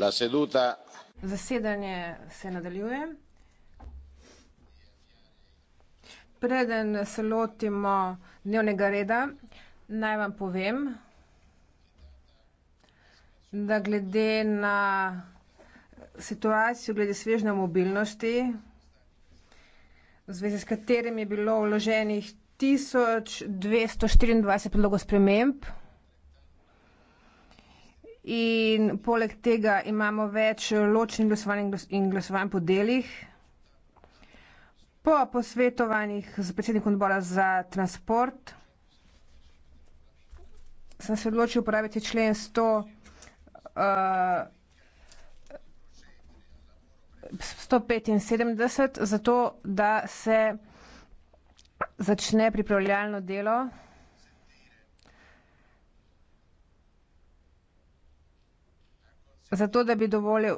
La seduta... Zasedanje se nadaljuje. Preden se lotimo dnevnega reda, naj vam povem, da glede na situacijo, glede svežne mobilnosti, v zvezi s katerim je bilo vloženih 1224 predlogov sprememb, in poleg tega imamo več ločenih glasovanj in glasovanj po delih. Po posvetovanjih z predsednikom odbora za transport sem se odločil uporabiti člen 100, uh, 175, zato da se začne pripravljalno delo. zato, da bi dovolil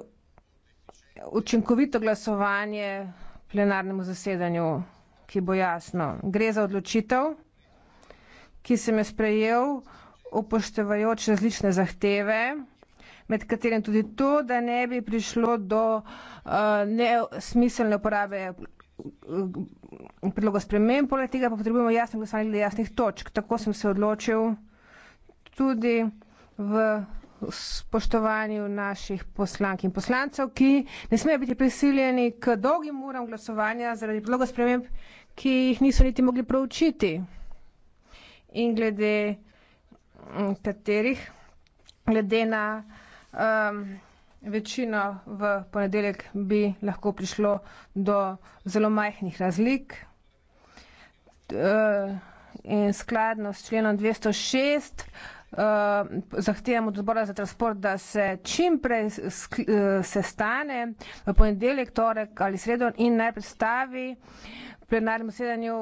učinkovito glasovanje plenarnemu zasedanju, ki bo jasno. Gre za odločitev, ki sem jo sprejel, upoštevajoč različne zahteve, med katerim tudi to, da ne bi prišlo do uh, eh, nesmiselne uporabe eh, predloga spremem, poleg tega pa potrebujemo jasno glasovanje glede jasnih točk. Tako sem se odločil tudi v spoštovanju naših poslank in poslancev, ki ne smejo biti prisiljeni k dolgim uram glasovanja zaradi predloga sprememb, ki jih niso niti mogli proučiti in glede katerih, glede na um, večino v ponedeljek, bi lahko prišlo do zelo majhnih razlik. Uh, in skladno s členom 206 zahtevam od odbora za transport, da se čim prej eh, sestane v ponedeljek, torek ali sredo in naj predstavi plenarnem sedanju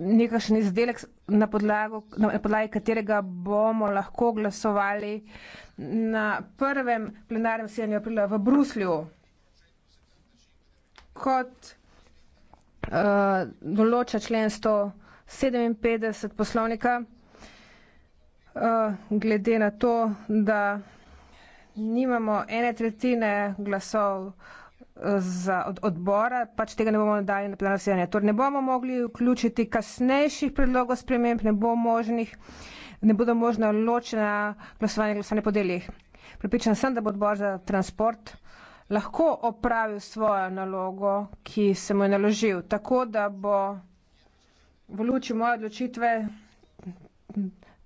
nekakšen izdelek, na, podlago, na podlagi katerega bomo lahko glasovali na prvem plenarnem sedanju aprila v Bruslju. Kot uh, določa člen 157 poslovnika, Eh, glede na to, da nimamo ene tretjine glasov eh, za odbora, pač tega ne bomo dali na plenarno sedanje. Torej ne bomo mogli vključiti kasnejših predlogov sprememb, ne, bo možnih, ne bodo možna ločena glasovanja in glasovanje po delih. Pripričan sem, da bo odbor za transport lahko opravil svojo nalogo, ki se mu je naložil, tako da bo v luči moje odločitve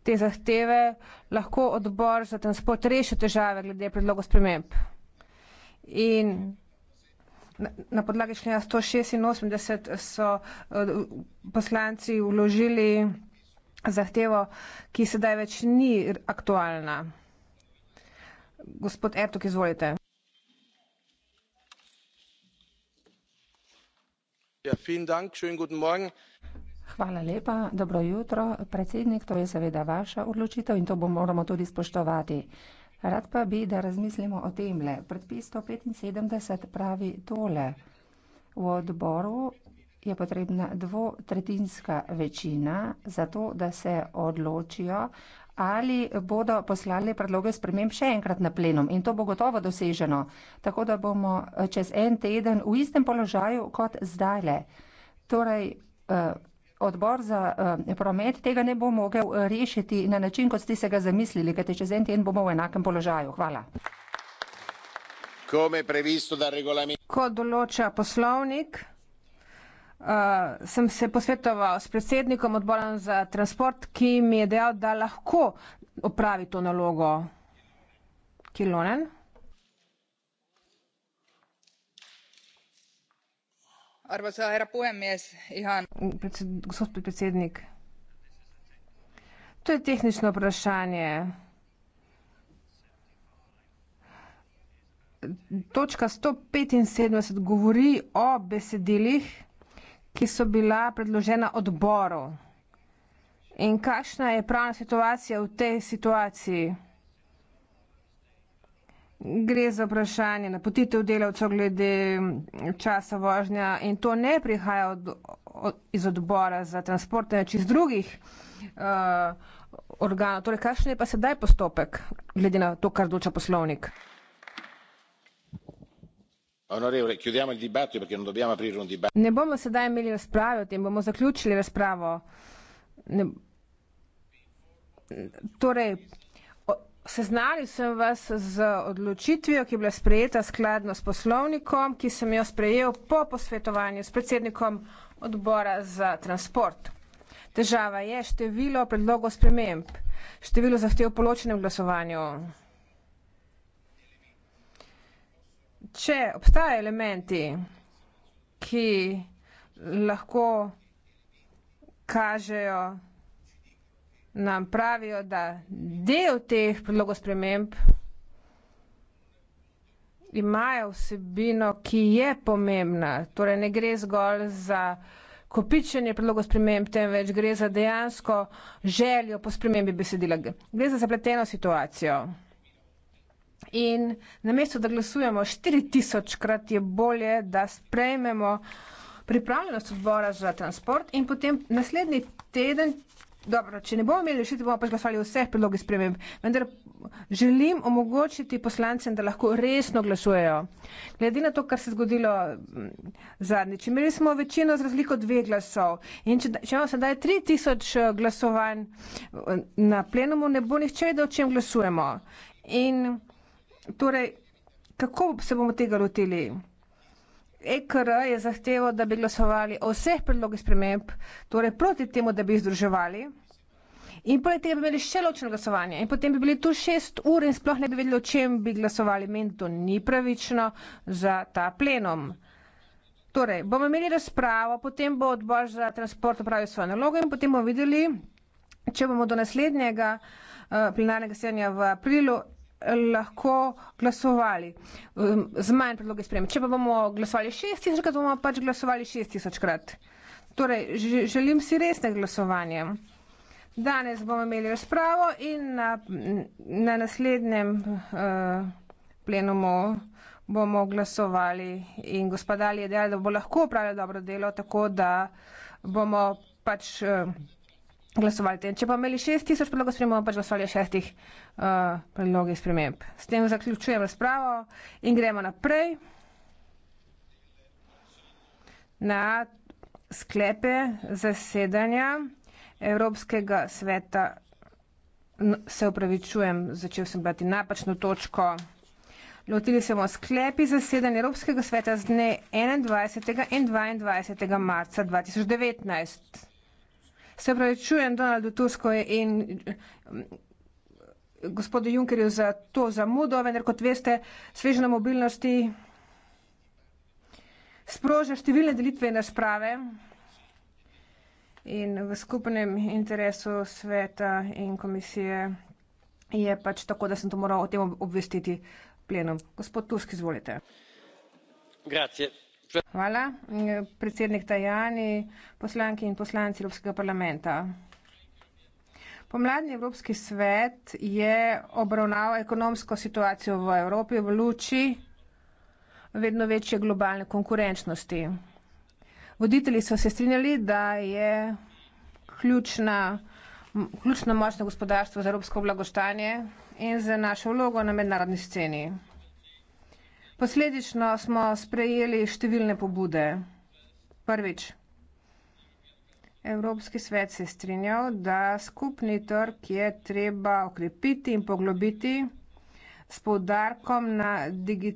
te zahteve, lahko odbor za transport reši težave glede predlogov sprememb. In na podlagi člena 186 so eh, poslanci vložili zahtevo, ki sedaj več ni aktualna. Gospod Ertok, izvolite. Ja, vielen Dank, schönen guten Morgen. Hvala lepa, dobro jutro. Predsednik, to je seveda vaša odločitev in to bo, moramo tudi spoštovati. Rad pa bi, da razmislimo o temle. Predpis 175 pravi tole. V odboru je potrebna dvotretinska večina za to, da se odločijo, ali bodo poslali predloge sprememb še enkrat na plenum. In to bo gotovo doseženo, tako da bomo eh, čez en teden v istem položaju kot zdajle. Torej, uh, odbor za eh, promet tega ne bo mogel eh, rešiti na način, kot ste se ga zamislili, kajte čez en teden bomo v enakem položaju. Hvala. Kot določa poslovnik, eh, sem se posvetoval s predsednikom odbora za transport, ki mi je dejal, da lahko opravi to nalogo. Kilonen. arvoisa herra puhemies ihan gospod predsednik to je tehnično vprašanje točka sto petinsedemdeset govori o besedilih ki so bila predložena odboru in kakšna je pravna situacija v tej situaciji gre za vprašanje napotitev delavcev glede časa vožnja in to ne prihaja od, od, iz odbora za transport, neč iz drugih uh, organov. Torej, kakšen je pa sedaj postopek glede na to, kar doča poslovnik? Ne bomo sedaj imeli razprave o tem, bomo zaključili razpravo. Ne, torej, Seznanil sem vas z odločitvijo, ki je bila sprejeta skladno s poslovnikom, ki sem jo sprejel po posvetovanju s predsednikom odbora za transport. Težava je število predlogov sprememb, število zahtev po ločenem glasovanju. Če obstajajo elementi, ki lahko kažejo, nam pravijo, da del teh predlogov sprememb imajo vsebino, ki je pomembna. Torej ne gre zgolj za kopičenje predlogov sprememb, temveč gre za dejansko željo po spremembi besedila. Gre za zapleteno situacijo. In namesto, da glasujemo 4000 krat, je bolje, da sprejmemo pripravljenost odbora za transport in potem naslednji teden Dobro, če ne bomo imeli rešitve, bomo pač glasovali vseh predlogih sprememb. Vendar želim omogočiti poslancem, da lahko resno glasujejo. Glede na to, kar se je zgodilo zadnjič, imeli smo večino z razliko dveh glasov. In če, če imamo sedaj 3000 eh, glasovanj eh, na plenumu, ne bo nihče vedel, o čem glasujemo. In torej, kako se bomo tega lotili? EKR je zahteval, da bi glasovali o vseh predlogih sprememb, torej proti temu, da bi jih združevali. In poleg tega bi imeli še ločeno glasovanje. In potem bi bili tu šest ur in sploh ne bi vedeli, o čem bi glasovali. Meni to ni pravično za ta plenom. Torej, bomo imeli razpravo, potem bo odbor za transport upravil svojo nalogo in potem bomo videli, če bomo do naslednjega uh, plenarnega sedanja v aprilu lahko glasovali um, z manj predloge sprejeme. Če pa bomo glasovali šest tisočkrat, bomo pač glasovali šest tisočkrat. Torej, želim si resne glasovanje. Danes bomo imeli razpravo in na, na naslednjem uh, plenumu bomo glasovali in gospodali je dejal, da bo lahko upravljal dobro delo, tako da bomo pač. Uh, glasovali. Te. Če pa imeli 6000 predlogov sprememb, bomo pač glasovali o šestih uh, predlogih sprememb. S tem zaključujem razpravo in gremo naprej na sklepe zasedanja Evropskega sveta. Se upravičujem, začel sem brati napačno točko. Lotili smo sklepi zasedanja Evropskega sveta z dne 21. in 22. marca 2019. Se pravi, čujem Donaldu Tusku in mm, gospodu Junkerju za to zamudo, vendar kot veste, svežna mobilnosti sproža številne delitve in razprave in v skupnem interesu sveta in komisije je pač tako, da sem to moral o tem obvestiti plenum. Gospod Tusk, izvolite. Grazie. Hvala. Predsednik Tajani, poslanki in poslanci Evropskega parlamenta. Pomladni Evropski svet je obravnaval ekonomsko situacijo v Evropi v luči vedno večje globalne konkurenčnosti. Voditelji so se strinjali, da je ključna, ključno močno gospodarstvo za evropsko blagostanje in za našo vlogo na mednarodni sceni. Posledično smo sprejeli številne pobude. Prvič, Evropski svet se strinjal, da skupni trg je treba okrepiti in poglobiti s povdarkom na, digi,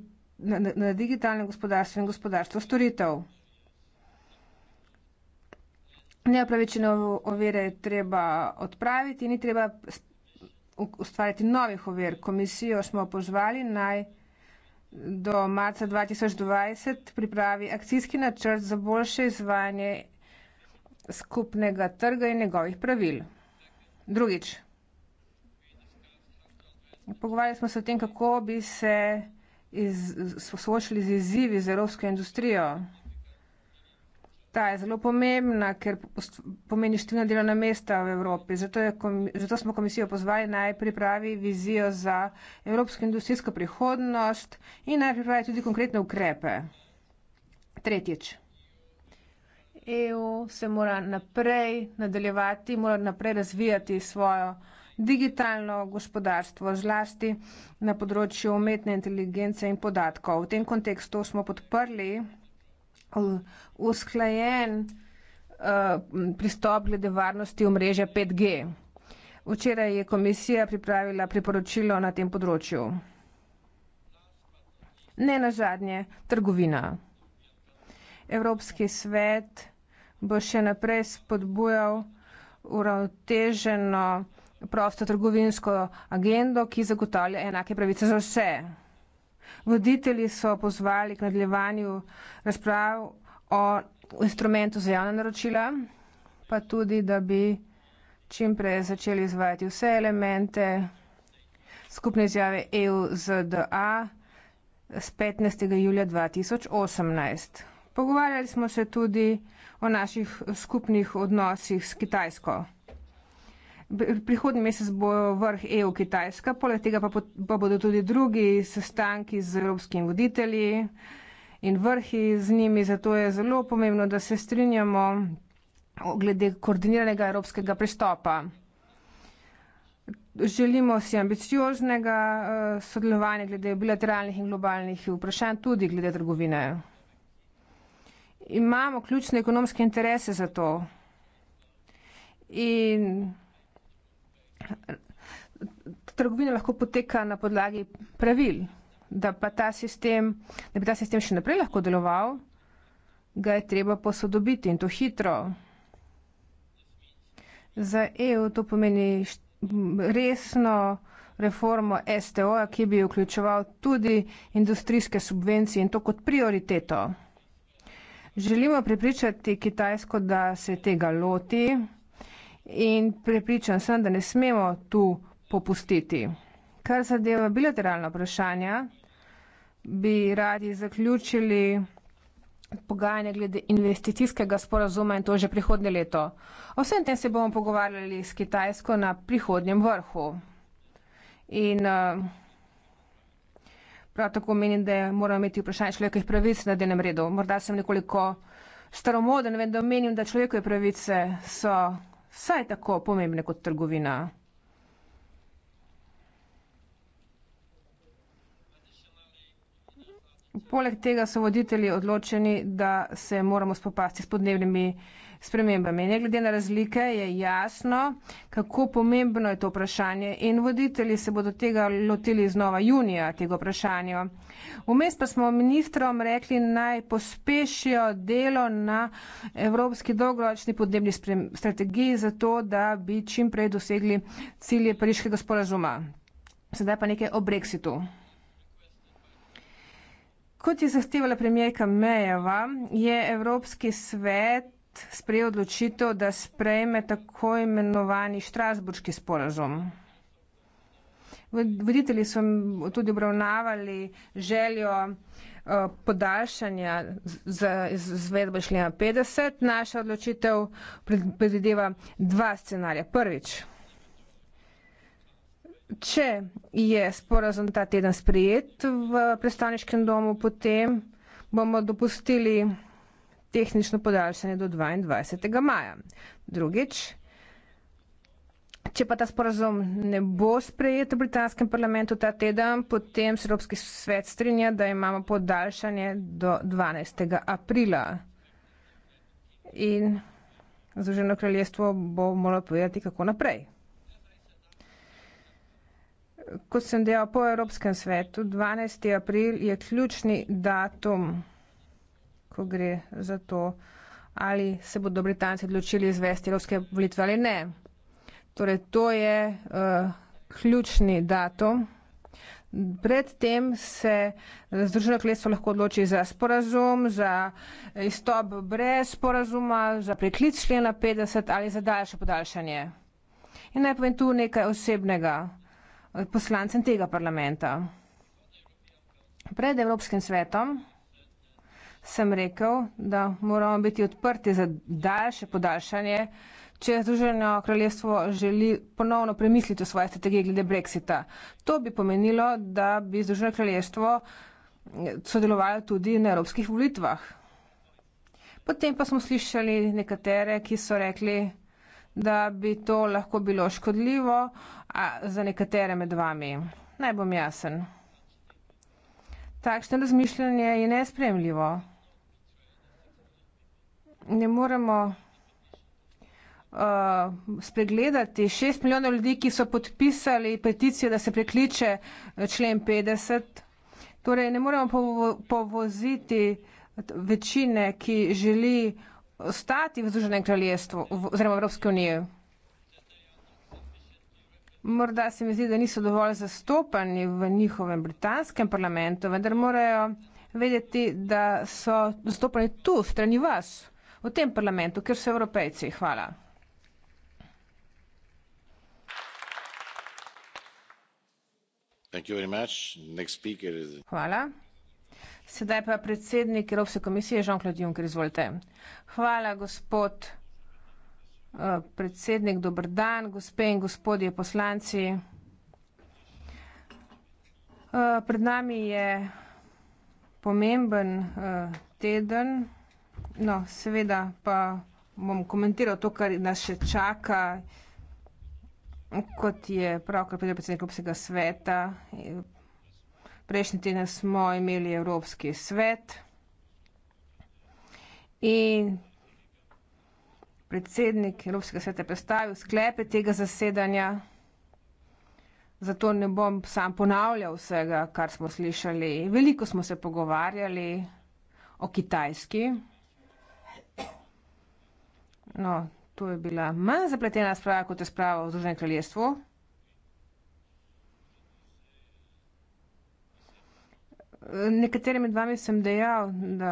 na, na digitalnem gospodarstvu in gospodarstvu storitev. Neopravičene ovire je treba odpraviti, ni treba ustvarjati novih ovir. Komisijo smo pozvali naj do marca 2020 pripravi akcijski načrt za boljše izvajanje skupnega trga in njegovih pravil. Drugič, pogovarjali smo se o tem, kako bi se iz, soočili z izzivi z evropsko industrijo. Ta je zelo pomembna, ker pomeni številna delovna mesta v Evropi. Zato, komi, zato smo komisijo pozvali naj pripravi vizijo za evropsko industrijsko prihodnost in naj pripravi tudi konkretne ukrepe. Tretjič. EU se mora naprej nadaljevati, mora naprej razvijati svojo digitalno gospodarstvo, zlasti na področju umetne inteligence in podatkov. V tem kontekstu smo podprli Um, usklajen uh, pristop glede varnosti omrežja 5G. Včeraj je komisija pripravila priporočilo na tem področju. Ne na zadnje, trgovina. Evropski svet bo še naprej spodbujal uravteženo prostotrgovinsko agendo, ki zagotavlja enake pravice za vse. Voditelji so pozvali k nadaljevanju razprav o instrumentu za javna naročila, pa tudi, da bi čimprej začeli izvajati vse elemente skupne izjave EU-ZDA z 15. julija 2018. Pogovarjali smo se tudi o naših skupnih odnosih s Kitajsko. Prihodnji mesec bo vrh EU-Kitajska, poleg tega pa, pot, pa bodo tudi drugi sestanki z evropskimi voditelji in vrhi z njimi, zato je zelo pomembno, da se strinjamo glede koordiniranega evropskega pristopa. Želimo si ambicioznega eh, sodelovanja glede bilateralnih in globalnih vprašanj, tudi glede trgovine. Imamo ključne ekonomske interese za to. In trgovina lahko poteka na podlagi pravil, da pa ta sistem, da bi ta sistem še naprej lahko deloval, ga je treba posodobiti in to hitro. Za EU to pomeni resno reformo STO, ki bi vključeval tudi industrijske subvencije in to kot prioriteto. Želimo prepričati Kitajsko, da se tega loti in prepričan sem, da ne smemo tu popustiti. Kar zadeva bilateralna vprašanja, bi radi zaključili pogajanje glede investicijskega sporazuma in to že prihodnje leto. O vsem tem se bomo pogovarjali s Kitajsko na prihodnjem vrhu. In eh, prav tako menim, da moramo imeti vprašanje človekovih pravic na denem redu. Morda sem nekoliko staromoden, vendar menim, da človekovih pravice so vsaj tako pomembne kot trgovina. Poleg tega so voditelji odločeni, da se moramo spopasti s podnebnimi spremembami. Ne glede na razlike je jasno, kako pomembno je to vprašanje in voditelji se bodo tega lotili znova junija tega vprašanja. Vmes pa smo ministrom rekli, naj pospešijo delo na Evropski dolgoročni podnebni strategiji za to, da bi čim prej dosegli cilje Pariškega sporazuma. Sedaj pa nekaj o brexitu. Kot je zahtevala premijerka Mejeva, je Evropski svet sprejel odločitev, da sprejme tako imenovani Štrasburški sporazum. Voditelji so tudi obravnavali željo eh, podaljšanja za izvedbo šlina 50. Naša odločitev predvideva dva scenarija. Prvič, če je sporazum ta teden sprejet v predstavniškem domu, potem bomo dopustili tehnično podaljšanje do 22. maja. Drugič, če pa ta sporazum ne bo sprejet v britanskem parlamentu ta teden, potem Srpski svet strinja, da imamo podaljšanje do 12. aprila. In Združeno kraljestvo bo moralo povedati, kako naprej kot sem dejal po Evropskem svetu, 12. april je ključni datum, ko gre za to, ali se bodo Britanci odločili izvesti evropske volitve ali ne. Torej, to je uh, ključni datum. Predtem se Združeno kraljestvo lahko odloči za sporazum, za izstop brez sporazuma, za preklic člena 50 ali za daljše podaljšanje. In naj povem tu nekaj osebnega poslancem tega parlamenta. Pred Evropskim svetom sem rekel, da moramo biti odprti za daljše podaljšanje, če Združeno kraljestvo želi ponovno premisliti o svoje strategije glede Brexita. To bi pomenilo, da bi Združeno kraljestvo sodelovalo tudi na evropskih volitvah. Potem pa smo slišali nekatere, ki so rekli, da bi to lahko bilo škodljivo a, za nekatere med vami. Naj bom jasen. Takšno razmišljanje je nespremljivo. Ne moremo uh, spregledati šest milijonov ljudi, ki so podpisali peticijo, da se prekliče eh, člen 50. Torej, ne moremo povo povoziti večine, ki želi ostati v Združenem kraljestvu oziroma Evropske unije. Morda se mi zdi, da niso dovolj zastopani v njihovem britanskem parlamentu, vendar morajo vedeti, da so zastopani tu, strani vas, v tem parlamentu, ker so evropejci. Hvala. Hvala. Sedaj pa predsednik Evropske komisije Jean-Claude Juncker, izvolite. Hvala, gospod eh, predsednik, dober dan, gospe in gospodje poslanci. Eh, pred nami je pomemben eh, teden, no seveda pa bom komentiral to, kar nas še čaka, kot je pravkar predsednik Evropskega sveta prejšnji teden smo imeli Evropski svet in predsednik Evropskega sveta je predstavil sklepe tega zasedanja. Zato ne bom sam ponavljal vsega, kar smo slišali. Veliko smo se pogovarjali o Kitajski. No, to je bila manj zapletena sprava kot je sprava v Združenem kraljestvu. Nekaterim med vami sem dejal, da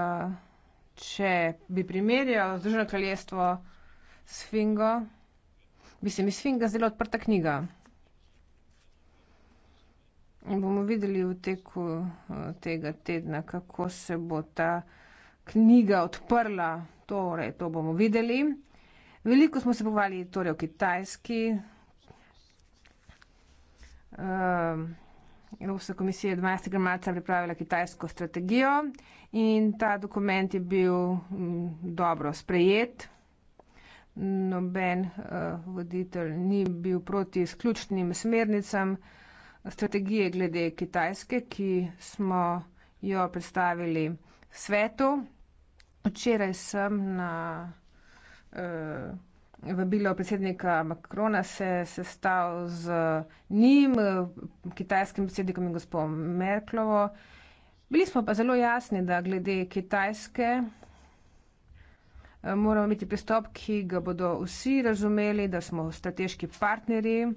če bi primerjal Združeno kraljestvo s Fingo, bi se mi Sfinga zelo odprta knjiga. In bomo videli v teku eh, tega tedna, kako se bo ta knjiga odprla. Torej, to bomo videli. Veliko smo se povali torej o Kitajski. Um, Evropska komisija je 12. marca pripravila kitajsko strategijo in ta dokument je bil mm, dobro sprejet. Noben eh, voditelj ni bil proti izključnim smernicam strategije glede kitajske, ki smo jo predstavili svetu. Včeraj sem na. Uh, vabilo predsednika Makrona se je sestal z njim, kitajskim predsednikom in gospod Merklovo. Bili smo pa zelo jasni, da glede kitajske eh, moramo imeti pristop, ki ga bodo vsi razumeli, da smo strateški partnerji,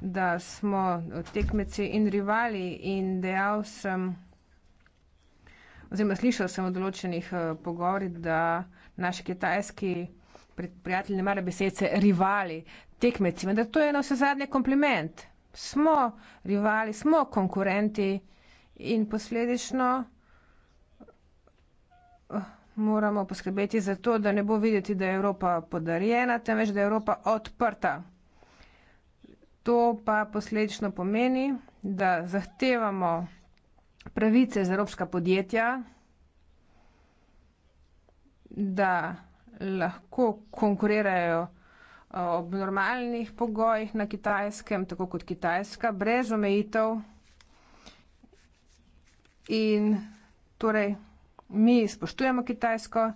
da smo eh, tekmeci in rivali in dejal sem. Oziroma, slišal sem v določenih uh, pogovorih, da naši kitajski prijatelji ne marajo besedice, rivali, tekmeci, vendar to je na vse zadnje kompliment. Smo rivali, smo konkurenti in posledično eh, moramo poskrbeti za to, da ne bo videti, da je Evropa podarjena, temveč da je Evropa odprta. To pa posledično pomeni, da zahtevamo pravice za evropska podjetja, da lahko konkurirajo eh, ob normalnih pogojih na kitajskem, tako kot kitajska, brez omejitev. In torej mi spoštujemo kitajsko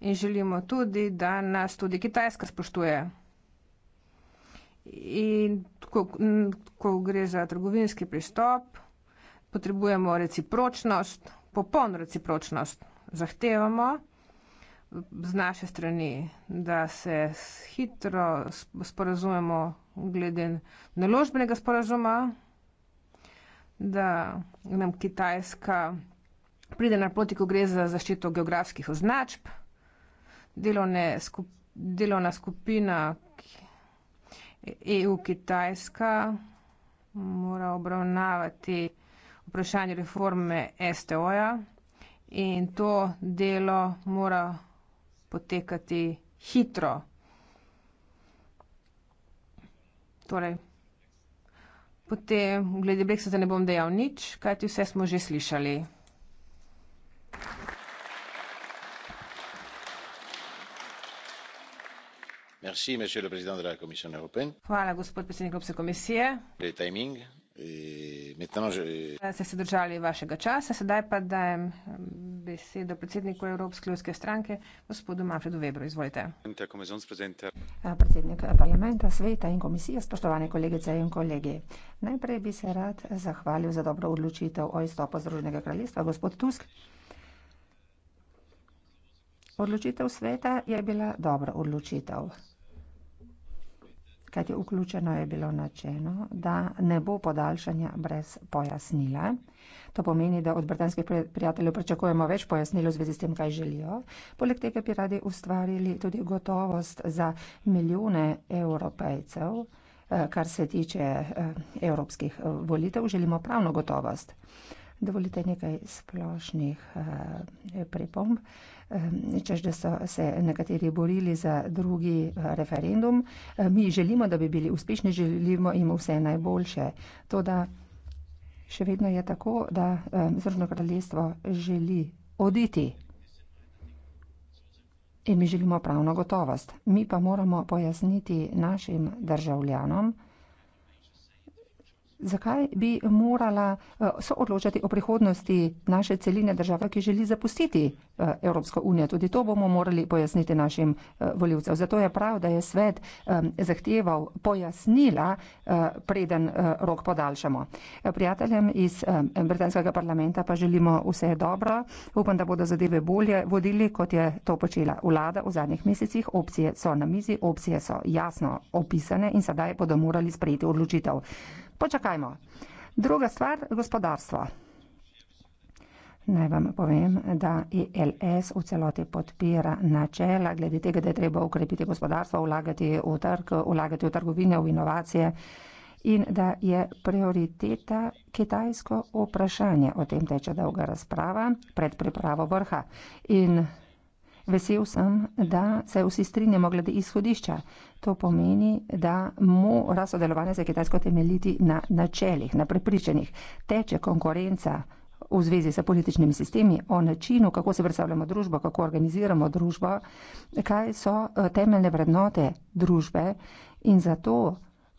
in želimo tudi, da nas tudi kitajska spoštuje. In ko, ko gre za trgovinski pristop, potrebujemo recipročnost, popolno recipročnost. Zahtevamo, z naše strani, da se hitro sporazumemo glede naložbenega sporazuma, da nam Kitajska pride na poti, ko gre za zaščito geografskih označb, skup delovna skupina EU-Kitajska e mora obravnavati vprašanje reforme STO-ja in to delo mora potekati hitro. Torej, potem, glede Brexita ne bom dejal nič, kajti vse smo že slišali. Merci, Hvala, gospod predsednik Evropske komisije. Le timing. Eh, Metano, že... ste se držali vašega časa, sedaj pa dajem mm, besedo predsedniku Evropske ljudske stranke, gospodu Manfredu Webru. Izvolite. Eh, predsednik eh, parlamenta, sveta in komisije, spoštovane kolegice in kolegi. Najprej bi se rad zahvalil za dobro odločitev o izstopu Združenega kraljestva, gospod Tusk. Odločitev sveta je bila dobra odločitev kajti vključeno je bilo načelo, da ne bo podaljšanja brez pojasnila. To pomeni, da od britanskih prijateljev pričakujemo več pojasnil v zvezi s tem, kaj želijo. Poleg tega bi radi ustvarili tudi gotovost za milijone evropejcev, eh, kar se tiče eh, evropskih eh, volitev, želimo pravno gotovost. Dovolite nekaj splošnih eh, pripomb. Eh, češ, da so se nekateri borili za drugi eh, referendum, mi želimo, da bi bili uspešni, želimo jim vse najboljše. To, da še vedno je tako, da Zrno kraljestvo želi oditi. In mi želimo pravno gotovost. Mi pa moramo pojasniti našim državljanom, zakaj bi morala eh, so odločati o prihodnosti naše celine države, ki želi zapustiti eh, Evropsko unijo. Tudi to bomo morali pojasniti našim eh, voljivcem. Zato je prav, da je svet zahteval pojasnila, preden rok podaljšamo. Prijateljem iz britanskega parlamenta pa želimo vse dobro. Upam, da bodo zadeve bolje vodili, kot je to počela vlada v zadnjih mesecih. Opcije so na mizi, opcije so jasno opisane in sedaj bodo morali sprejeti odločitev počakajmo. Druga stvar, gospodarstvo. Naj vam povem, da ILS v celoti podpira načela glede tega, da je treba ukrepiti gospodarstvo, vlagati v trg, vlagati v trgovine, v inovacije in da je prioriteta kitajsko vprašanje. O tem teče dolga razprava pred pripravo vrha. In Vesel sem, da se vsi strinjamo glede izhodišča. To pomeni, da mora sodelovanje za Kitajsko temeljiti na načelih, na prepričanjih. Teče konkurenca v zvezi s političnimi sistemi, o načinu, kako se predstavljamo družbo, kako organiziramo družbo, kaj so eh, temeljne vrednote družbe in zato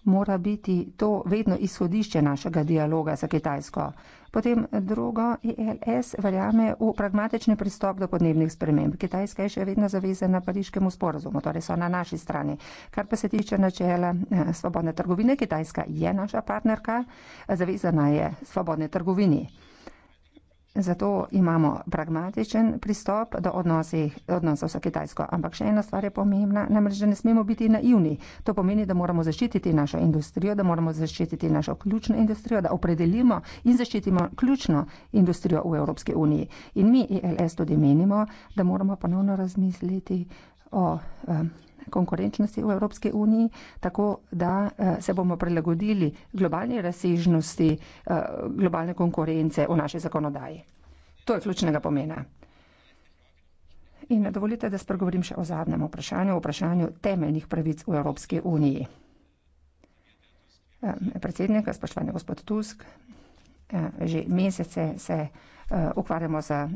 mora biti to vedno izhodišče našega dialoga za Kitajsko. Potem drugo, ELS verjame v pragmatični pristop do podnebnih sprememb. Kitajska je še vedno zavezana pariškemu sporazumu, torej so na naši strani. Kar pa se tiče načela eh, svobodne trgovine, Kitajska je naša partnerka, zavezana je svobodne trgovini. Zato imamo pragmatičen pristop do odnosih, odnosov s Kitajsko. Ampak še ena stvar je pomembna, namreč, da ne smemo biti naivni. To pomeni, da moramo zaščititi našo industrijo, da moramo zaščititi našo ključno industrijo, da opredelimo in zaščitimo ključno industrijo v Evropski uniji. In mi, ILS, e tudi menimo, da moramo ponovno razmisliti o. Um, konkurenčnosti v Evropski uniji, tako da eh, se bomo prilagodili globalni razsežnosti eh, globalne konkurence v naši zakonodaji. To je ključnega pomena. In eh, dovolite, da spregovorim še o zadnjem vprašanju, o vprašanju temeljnih pravic v Evropski uniji. Predsednik, spoštovani gospod Tusk, že mesece se Eh, ukvarjamo z eh,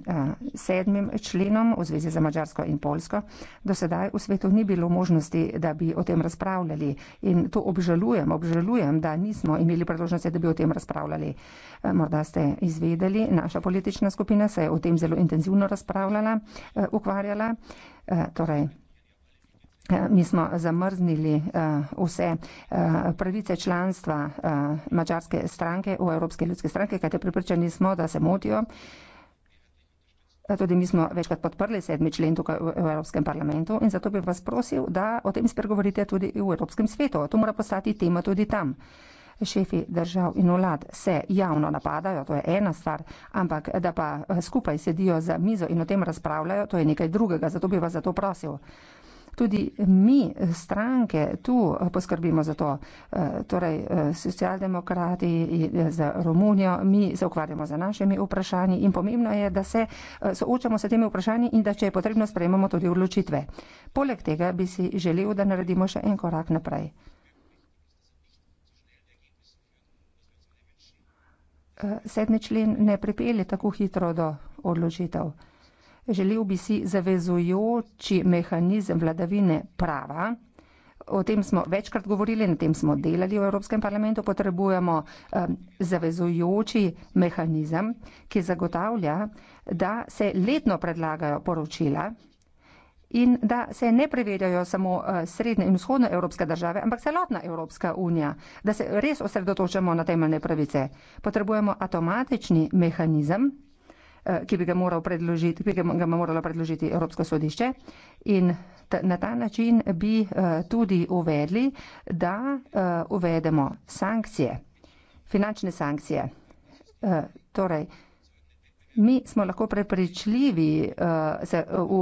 sedmim členom v zvezi z Mačarsko in Polsko. Do sedaj v svetu ni bilo možnosti, da bi o tem razpravljali in to obžalujem, obžalujem, da nismo imeli priložnosti, da bi o tem razpravljali. Eh, morda ste izvedeli, naša politična skupina se je o tem zelo intenzivno razpravljala, ukvarjala. Torej, Eh, mi smo zamrznili eh, vse eh, pravice članstva mačarske stranke v Evropske ljudske stranke, kajte pripričani smo, da se motijo. Tudi mi smo večkrat podprli sedmi člen tukaj v Evropskem parlamentu in zato bi vas prosil, da o tem spregovorite tudi v Evropskem svetu. To mora postati tema tudi tam. Šefi držav in vlad se javno napadajo, to je ena stvar, ampak da pa skupaj sedijo za mizo in o tem razpravljajo, to je nekaj drugega, zato bi vas zato prosil tudi mi, stranke, tu poskrbimo za to. E, torej, e, socialdemokrati e, z Romunijo, mi se ukvarjamo z našimi vprašanji in pomembno je, da se soočamo s temi vprašanji in da, če je potrebno, sprejmemo tudi odločitve. Poleg tega bi si želel, da naredimo še en korak naprej. Sedmi člen ne pripelje tako hitro do odločitev. Želel bi si zavezujoči mehanizem vladavine prava. O tem smo večkrat govorili, na tem smo delali v Evropskem parlamentu. Potrebujemo um, zavezujoči mehanizem, ki zagotavlja, da se letno predlagajo poročila in da se ne preverjajo samo uh, srednje in vzhodne evropske države, ampak celotna Evropska unija, da se res osredotočamo na temeljne pravice. Potrebujemo avtomatični mehanizem Eh, ki bi ga, moral predložiti, bi ga moralo predložiti Evropsko sodišče. In na ta način bi eh, tudi uvedli, da eh, uvedemo sankcije, finančne sankcije. Torej, Mi smo lahko prepričljivi eh,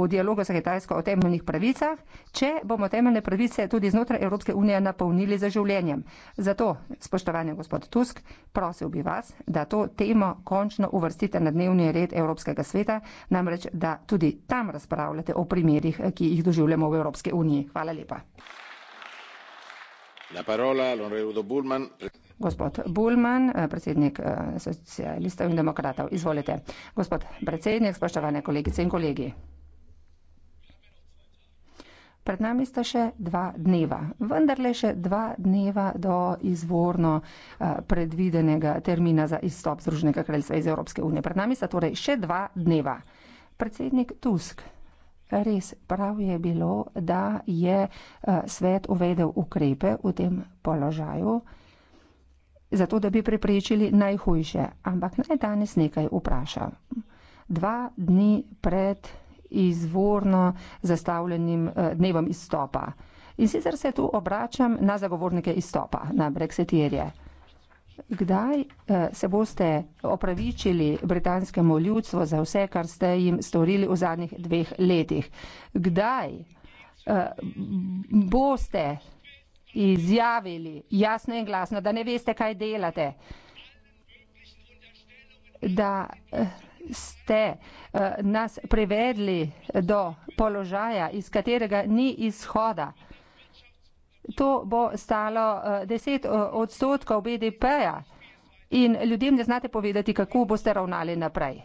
v dialogu s Kitajsko o temeljnih pravicah, če bomo temeljne pravice tudi znotraj Evropske unije napolnili za življenjem. Zato, spoštovani gospod Tusk, prosil bi vas, da to temo končno uvrstite na dnevni red Evropskega sveta, namreč da tudi tam razpravljate o primerih, ki jih doživljamo v Evropski uniji. Hvala lepa. La parola, Gospod Bulman, eh, predsednik eh, socialistov in demokratov, izvolite. Gospod predsednik, spoštovane kolegice in kolegi. Pred nami sta še dva dneva, vendar le še dva dneva do izvorno eh, predvidenega termina za izstop Združenega kraljestva iz Evropske unije. Pred nami sta torej še dva dneva. Predsednik Tusk. Res prav je bilo, da je svet uvedel ukrepe v tem položaju zato da bi preprečili najhujše. Ampak naj danes nekaj vprašam. Dva dni pred izvorno zastavljenim eh, dnevom izstopa. In sicer se tu obračam na zagovornike izstopa, na brexitirje. Kdaj eh, se boste opravičili britanskemu ljudstvu za vse, kar ste jim storili v zadnjih dveh letih? Kdaj eh, boste izjavili jasno in glasno, da ne veste, kaj delate, da eh, ste eh, nas privedli do položaja, iz katerega ni izhoda. To bo stalo 10 eh, odstotkov BDP-ja in ljudem ne znate povedati, kako boste ravnali naprej.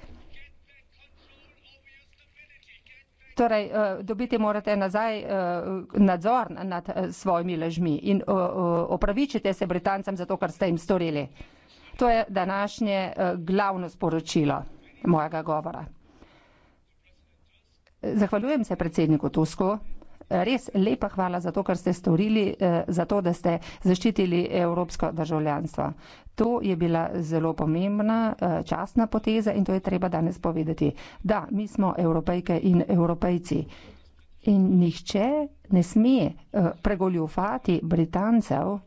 Torej, eh, dobiti morate nazaj eh, nadzor nad eh, svojimi ležmi in opravičite se Britancem za to, kar ste jim storili. To je današnje glavno sporočilo mojega govora. Zahvaljujem se predsedniku Tusku res lepa hvala za to, kar ste storili, eh, za to, da ste zaščitili evropsko državljanstvo. To je bila zelo pomembna eh, časna poteza in to je treba danes povedati. Da, mi smo evropejke in evropejci. In nihče ne sme eh, pregoljufati Britancev,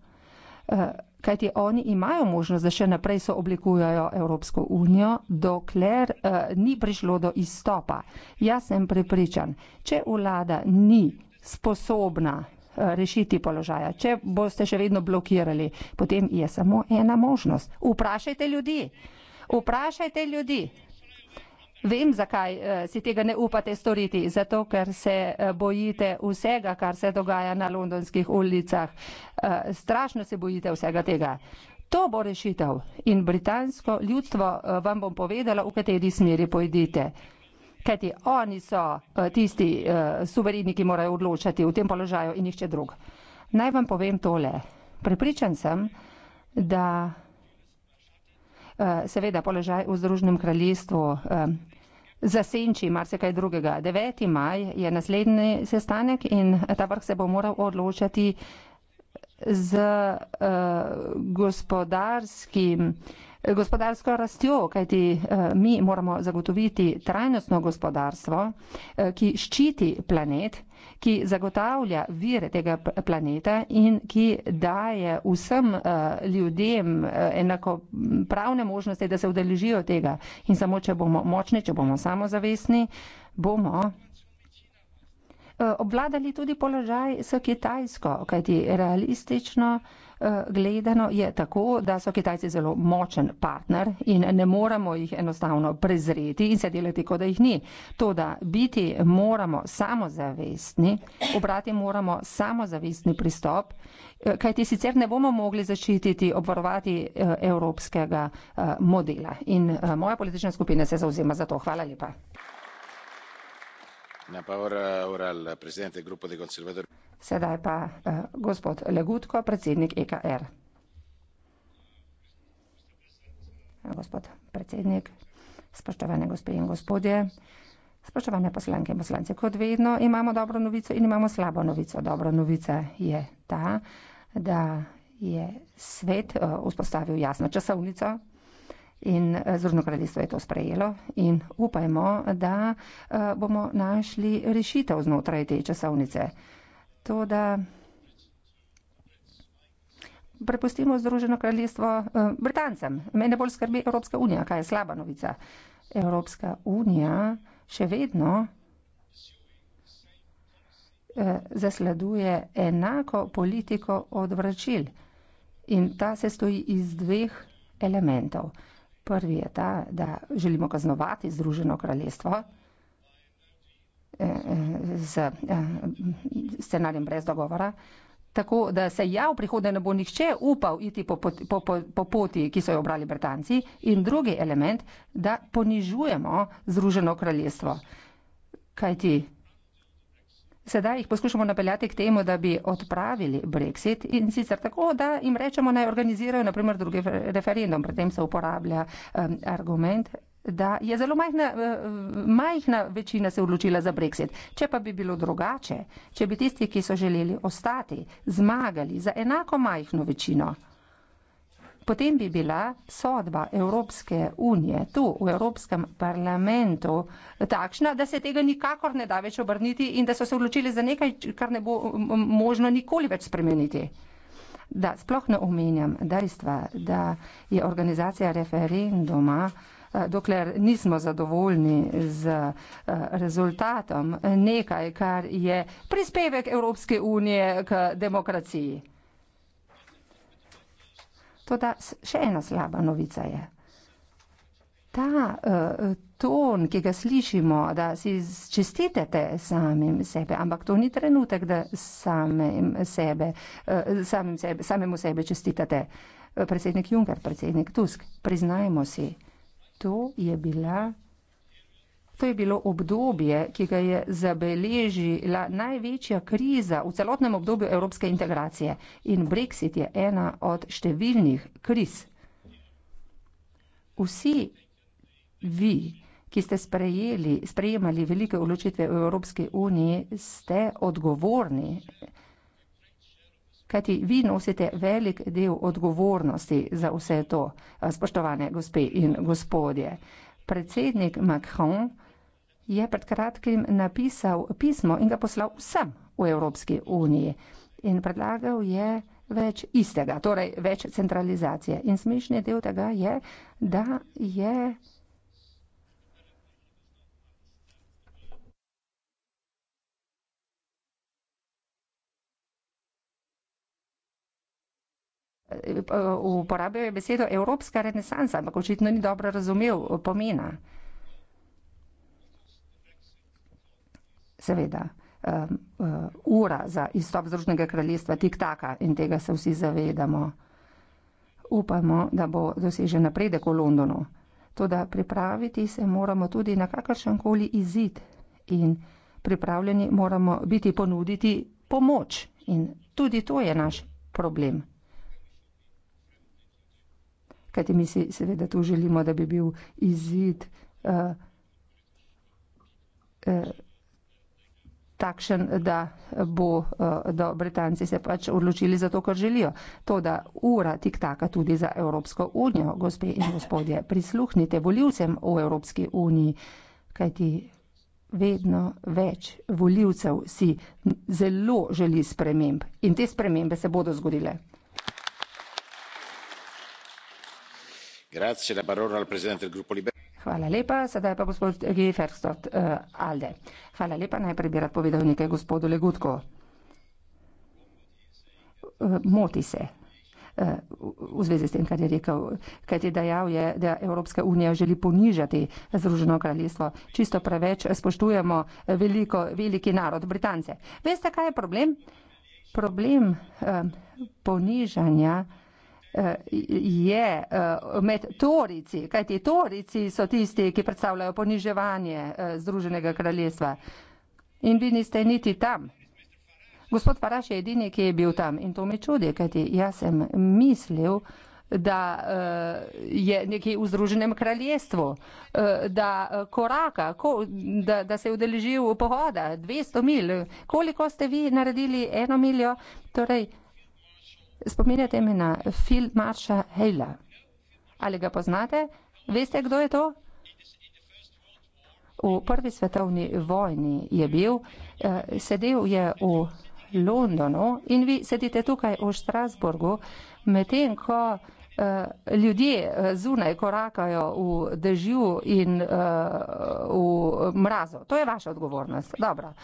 kajti oni imajo možnost, da še naprej so oblikujajo Evropsko unijo, dokler ni prišlo do izstopa. Jaz sem prepričan, če vlada ni sposobna eh, rešiti položaja. Če boste še vedno blokirali, potem je samo ena možnost. Vprašajte ljudi. Vprašajte ljudi. Vem, zakaj eh, si tega ne upate storiti. Zato, ker se eh, bojite vsega, kar se dogaja na londonskih ulicah. Strašno se bojite vsega tega. To bo rešitev. In britansko ljudstvo vam bom povedala, v kateri smeri pojdite kajti oni so eh, tisti eh, suvereni, ki morajo odločati v tem položaju in nihče drug. Naj vam povem tole. Prepričan sem, da eh, seveda položaj v Združnem kraljestvu zasenči marsikaj drugega. 9. maj je naslednji sestanek in ta vrh se bo moral odločati z gospodarskim gospodarsko rastjo, kajti eh, mi moramo zagotoviti trajnostno gospodarstvo, eh, ki ščiti planet, ki zagotavlja vire tega planeta in ki daje vsem eh, ljudem enakopravne možnosti, da se udeležijo tega. In samo, če bomo močni, če bomo samozavestni, bomo obvladali tudi položaj s Kitajsko, kajti realistično. Eh, gledano je tako, da so Kitajci zelo močen partner in ne moramo jih enostavno prezreti in se delati, kot da jih ni. To, da biti moramo samozavestni, obrati moramo samozavestni pristop, eh, kajti sicer ne bomo mogli zaščititi, obvarovati eh, evropskega modela. In moja politična skupina se zauzema za to. Hvala lepa. Sedaj pa uh, gospod Legutko, predsednik EKR. Eh, gospod predsednik, spoštovane gospe in gospodje, spoštovane poslanke in poslanci, kot vedno imamo dobro novico in imamo slabo novico. Dobro novica je ta, da je svet uh, vzpostavil jasno časovnico, In eh, Združeno kraljestvo je to sprejelo in upajmo, da eh, bomo našli rešitev znotraj te časovnice. To, da prepustimo Združeno kraljestvo eh, Britancem. Mene bolj skrbi Evropska unija, kaj je slaba novica. Evropska unija še vedno zasleduje enako politiko odvračil in ta se stoji iz dveh elementov. Prvi je ta, da želimo kaznovati Združeno kraljestvo eh, eh, z eh, scenarijem brez dogovora. Tako da se ja v prihodnje ne bo nihče upal iti po, po, po, po poti, ki so jo obrali Britanci. In drugi element, da ponižujemo Združeno kraljestvo. Kaj ti? Sedaj jih poskušamo napeljati k temu, da bi odpravili brexit in sicer tako, da jim rečemo, naj organizirajo naprimer drugi referendum. Pri tem se uporablja um, argument, da je zelo majhna, uh, majhna večina se odločila za brexit. Če pa bi bilo drugače, če bi tisti, ki so želeli ostati, zmagali za enako majhno večino, potem bi bila sodba Evropske unije tu v Evropskem parlamentu takšna, da se tega nikakor ne da več obrniti in da so se odločili za nekaj, kar ne bo možno nikoli več spremeniti. Da sploh ne omenjam dejstva, da je organizacija referenduma, dokler nismo zadovoljni z rezultatom, nekaj, kar je prispevek Evropske unije k demokraciji. Toda še ena slaba novica je. Ta uh, ton, ki ga slišimo, da si čestitete samim sebe, ampak to ni trenutek, da samim sebe, uh, samim sebe, samemu sebe čestitate. Eh, predsednik Juncker, predsednik Tusk, priznajmo si, to je bila To je bilo obdobje, ki ga je zabeležila največja kriza v celotnem obdobju evropske integracije in Brexit je ena od številnih kriz. Vsi vi, ki ste sprejeli, sprejemali velike odločitve v Evropski uniji, ste odgovorni, kajti vi nosite velik del odgovornosti za vse to, spoštovane gospe in gospodje. Predsednik Macron, je pred kratkim napisal pismo in ga poslal vsem v Evropski uniji in predlagal je več istega, torej več centralizacije. In smešni del tega je, da je uporabil besedo Evropska renesansa, ampak očitno ni dobro razumel pomena. seveda, um, uh, ura za izstop Združenega kraljestva tiktaka in tega se vsi zavedamo. Upamo, da bo dosežen napredek v Londonu. Toda pripraviti se moramo tudi na kakršen koli izid in pripravljeni moramo biti ponuditi pomoč in tudi to je naš problem. Kajti mi si seveda tu želimo, da bi bil izid uh, uh, takšen, da bo, eh, da Britanci se pač odločili za to, kar želijo. To, da ura tik taka tudi za Evropsko unijo, gospe in gospodje, prisluhnite voljivcem v Evropski uniji, kajti vedno več voljivcev si zelo želi sprememb in te spremembe se bodo zgodile. Grazie, la parola al presidente del gruppo Libero. Hvala lepa, sedaj pa gospod Geferstot uh, eh, Alde. Hvala lepa, najprej bi rad povedal nekaj gospodu Legutko. Uh, eh, moti se eh, v zvezi s tem, kar je rekel, kaj ti dejal je, da Evropska unija želi ponižati Združeno kraljestvo. Čisto preveč spoštujemo veliko, veliki narod, Britance. Veste, kaj je problem? Problem eh, ponižanja eh, je eh, med torici, kajti torici so tisti, ki predstavljajo poniževanje eh, Združenega kraljestva. In vi niste niti tam. Gospod Faraš je edini, ki je bil tam. In to me čudi, kajti jaz sem mislil, da uh, je nekje v Združenem kraljestvu, uh, da koraka, ko, da, da se je udeležil pohoda 200 mil. Koliko ste vi naredili eno miljo? Torej, uh, spominjate me na film Marša Heila. Ali ga poznate? Veste, kdo je to? V prvi svetovni vojni je bil, eh, sedel je v Londonu in vi sedite tukaj v Strasburgu, medtem ko eh, ljudje eh, zunaj korakajo v dežju in v mrazu. To je vaša odgovornost. Dobro.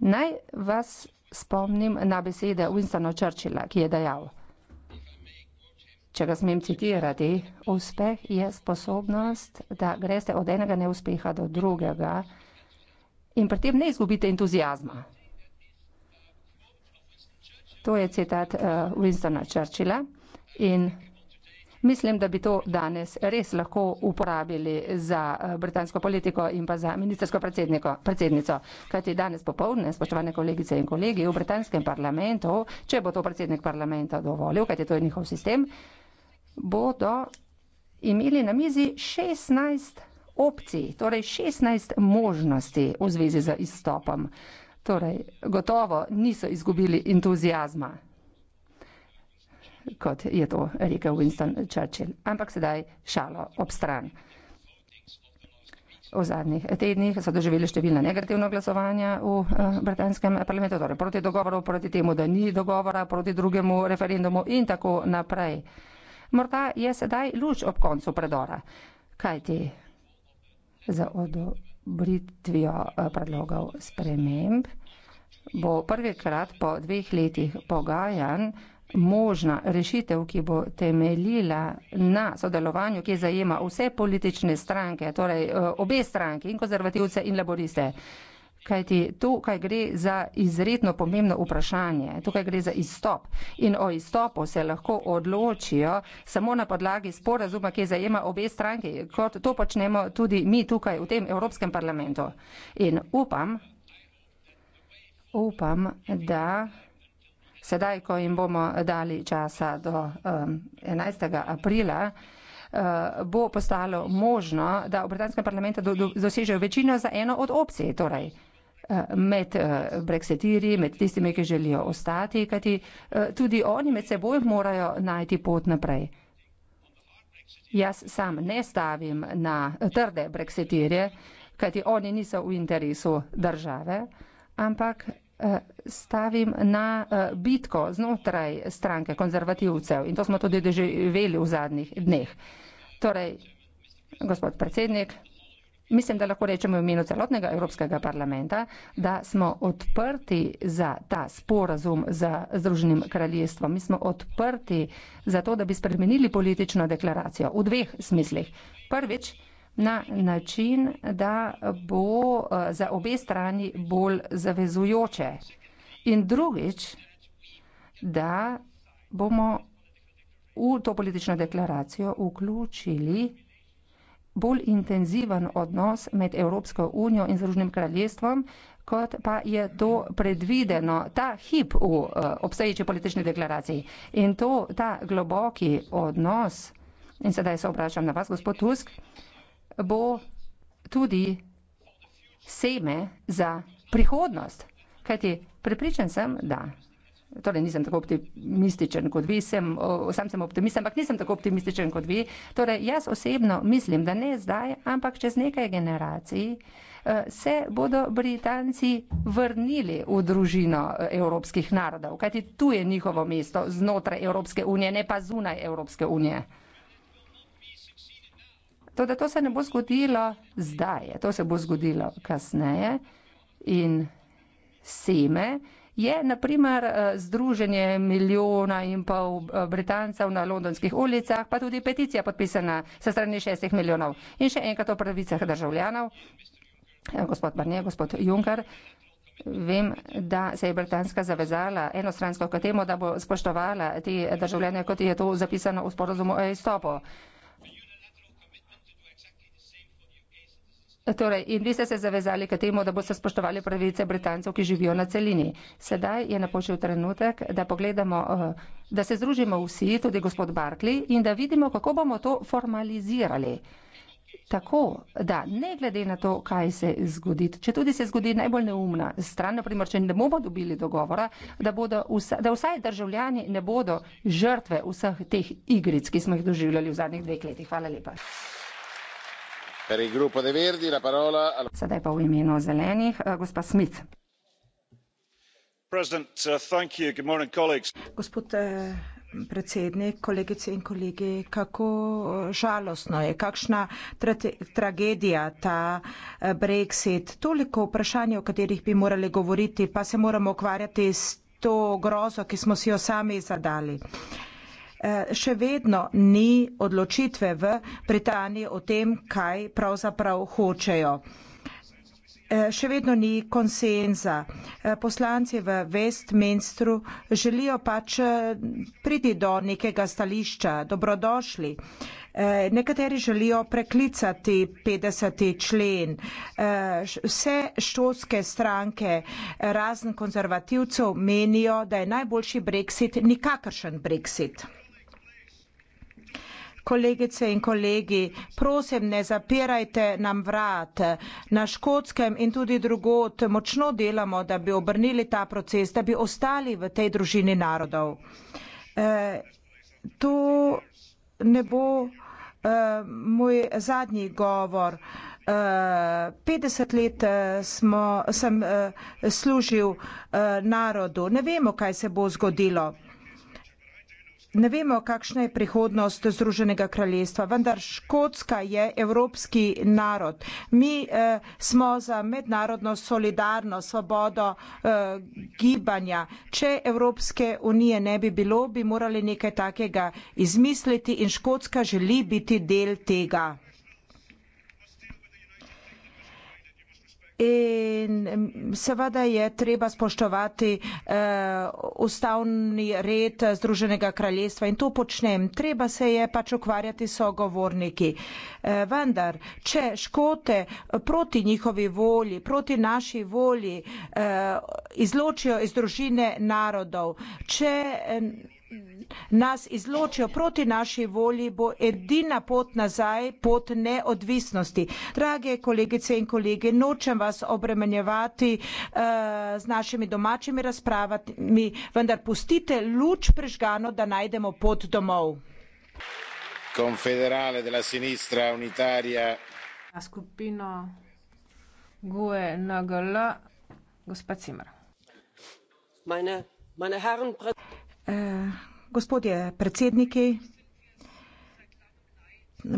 Naj vas spomnim na besede Winstona Churchilla, ki je dejal, če ga smem citirati, uspeh je sposobnost, da greste od enega neuspeha do drugega in pri tem ne izgubite entuzijazma. To je citat uh, Winstona Churchilla in mislim, da bi to danes res lahko uporabili za eh, britansko politiko in pa za ministersko predsednico. Kajti danes popovdne, spoštovane kolegice in kolegi, v britanskem parlamentu, če bo to predsednik parlamenta dovolil, kajti to je njihov sistem, bodo imeli na mizi 16 opcij, torej 16 možnosti v zvezi z izstopom. Torej, gotovo niso izgubili entuzijazma kot je to rekel Winston Churchill. Ampak sedaj šalo ob stran. V zadnjih tednih so doživeli številna negativna glasovanja v eh, britanskem parlamentu, torej proti dogovoru, proti temu, da ni dogovora, proti drugemu referendumu in tako naprej. Morda je sedaj luč ob koncu predora. Kaj ti za odobritvijo eh, predlogov sprememb? Bo prvi krat po dveh letih pogajanj možna rešitev, ki bo temeljila na sodelovanju, ki zajema vse politične stranke, torej eh, obe stranke in konzervativce in laboriste. Kajti tukaj gre za izredno pomembno vprašanje, tukaj gre za izstop in o izstopu se lahko odločijo samo na podlagi sporazuma, ki zajema obe stranke, kot to počnemo tudi mi tukaj v tem Evropskem parlamentu. In upam, upam, da sedaj, ko jim bomo dali časa do 11. Um, aprila, uh, bo postalo možno, da v britanskem parlamentu dosežejo večino za eno od opcij, torej uh, med uh, brexitiri, med tistimi, ki želijo ostati, kajti tudi oni med seboj morajo najti pot naprej. Jaz sam ne stavim na trde brexitirje, kajti oni niso v interesu države, ampak stavim na eh, bitko znotraj stranke konzervativcev in to smo tudi doživeli v zadnjih dneh. Torej, gospod predsednik, mislim, da lahko rečemo v imenu celotnega Evropskega parlamenta, da smo odprti za ta sporazum z Združenim kraljestvom. Mi smo odprti za to, da bi spremenili politično deklaracijo v dveh smislih. Prvič, na način, da bo eh, za obe strani bolj zavezujoče. In drugič, da bomo v to politično deklaracijo vključili bolj intenziven odnos med Evropsko unijo in Združenim kraljestvom, kot pa je to predvideno ta hip v eh, obstoječi politični deklaraciji. In to, ta globoki odnos, in sedaj se obračam na vas, gospod Tusk, bo tudi seme za prihodnost. Kajti prepričan sem, da torej nisem tako optimističen kot vi, sem, sam sem optimist, ampak nisem tako optimističen kot vi. Torej, jaz osebno mislim, da ne zdaj, ampak čez nekaj generacij eh, se bodo Britanci vrnili v družino eh, evropskih narodov, kajti tu je njihovo mesto znotraj Evropske unije, ne pa zunaj Evropske unije. To, da to se ne bo zgodilo zdaj, to se bo zgodilo kasneje in seme je naprimer eh, združenje milijona in pol eh, Britancev na londonskih ulicah, pa tudi peticija podpisana sa strani šestih milijonov. In še enkrat o pravicah državljanov, eh, gospod Barnier, gospod Juncker, Vem, da se je Britanska zavezala enostransko k temu, da bo spoštovala te državljane, kot je to zapisano v sporozumu o izstopu. E Torej, in vi ste se zavezali k temu, da boste spoštovali pravice Britancev, ki živijo na celini. Sedaj je napočil trenutek, da pogledamo, eh, da se združimo vsi, tudi gospod Barkley, in da vidimo, kako bomo to formalizirali. Tako, da ne glede na to, kaj se zgodi, če tudi se zgodi najbolj neumna stran, naprimer, če ne bomo dobili dogovora, da, vsa, da vsaj državljani ne bodo žrtve vseh teh igric, ki smo jih doživljali v zadnjih dveh letih. Hvala lepa. Sedaj pa v imenu zelenih, eh, gospa Smith. Uh, Gospod eh, predsednik, kolegice in kolegi, kako eh, žalostno je, kakšna tragedija ta brexit. Toliko vprašanj, o katerih bi morali govoriti, pa se moramo ukvarjati s to grozo, ki smo si jo sami zadali. Eh, še vedno ni odločitve v Britaniji o tem, kaj pravzaprav hočejo. Eh, še vedno ni konsenza. Eh, poslanci v Westminstru želijo pač priti do nekega stališča, dobrodošli. Nekateri želijo preklicati 50. člen. Vse šolske stranke razen konzervativcev menijo, da je najboljši brexit nikakršen brexit. Kolegice in kolegi, prosim, ne zapirajte nam vrat. Na škotskem in tudi drugot močno delamo, da bi obrnili ta proces, da bi ostali v tej družini narodov. E, to ne bo e, moj zadnji govor. Uh, eh, 50 let smo, sem uh, služil uh, narodu. Ne vemo, kaj se bo zgodilo. Ne vemo, kakšna je prihodnost Združenega kraljestva, vendar Škotska je evropski narod. Mi eh, smo za mednarodno solidarno svobodo eh, gibanja. Če Evropske unije ne bi bilo, bi morali nekaj takega izmisliti in Škotska želi biti del tega. In seveda je treba spoštovati uh, ustavni red Združenega kraljestva in to počnem. Treba se je pač ukvarjati sogovorniki. Uh, vendar, če škote proti njihovi volji, proti naši volji uh, izločijo iz družine narodov, če. Uh, nas izločijo proti naši volji, bo edina pot nazaj pot neodvisnosti. Drage kolegice in kolege, nočem vas obremenjevati uh, z našimi domačimi razpravami, vendar pustite luč prežgano, da najdemo pot domov. Konfederale della sinistra unitarija. Na skupino Gue Nagala, gospod Cimer. Meine, meine Herren, Eh, gospodje predsedniki,